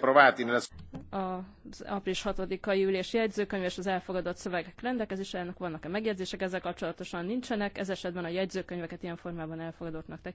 approvati nella... Az április 6-ai ülés jegyzőkönyv és az elfogadott szövegek rendelkezésre vannak-e megjegyzések ezzel kapcsolatosan nincsenek, ez esetben a jegyzőkönyveket ilyen formában elfogadottnak tekintjük.